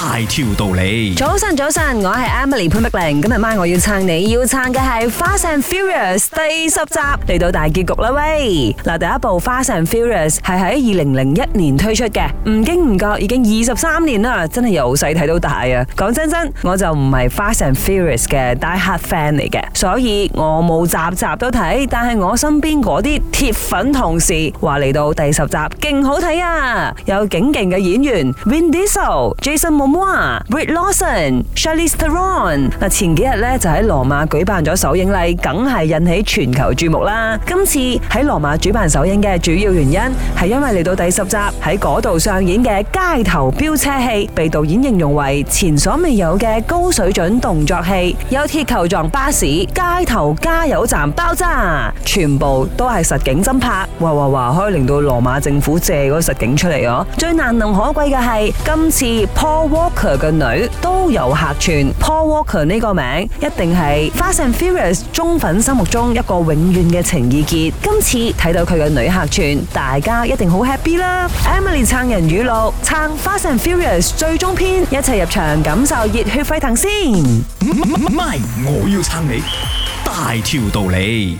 大條道理，早晨早晨，我係 Emily 潘碧玲，今日晚我要撐你要撐嘅係《Fast and Furious》第十集嚟到大結局啦喂！嗱，第一部《Fast and Furious》係喺二零零一年推出嘅，唔經唔覺已經二十三年啦，真係由細睇到大啊！講真真，我就唔係《Fast and Furious》嘅 die hard fan 嚟嘅，所以我冇集集都睇，但係我身邊嗰啲鐵粉同事話嚟到第十集勁好睇啊，有景勁嘅演員 Vin Diesel、Jason。哇！Brie Larson、Charlize Theron 嗱，前幾日咧就喺羅馬舉辦咗首映禮，梗係引起全球注目啦。今次喺羅馬主辦首映嘅主要原因係因為嚟到第十集喺嗰度上演嘅街頭飆車戲，被導演形容為前所未有嘅高水準動作戲，有鐵球撞巴士、街頭加油站爆炸，全部都係實景真拍。嘩嘩嘩，可以令到羅馬政府借嗰實景出嚟啊、哦！最難能可貴嘅係今次 Paul Walker 嘅女都有客串，Paul Walker 呢個名一定係《Fast and Furious》忠粉心目中一個永遠嘅情意結。今次睇到佢嘅女客串，大家一定好 happy 啦！Emily 撐人語錄，撐《Fast and Furious》最終篇，一齊入場感受熱血沸騰先。唔係，我要撐你，大條道理。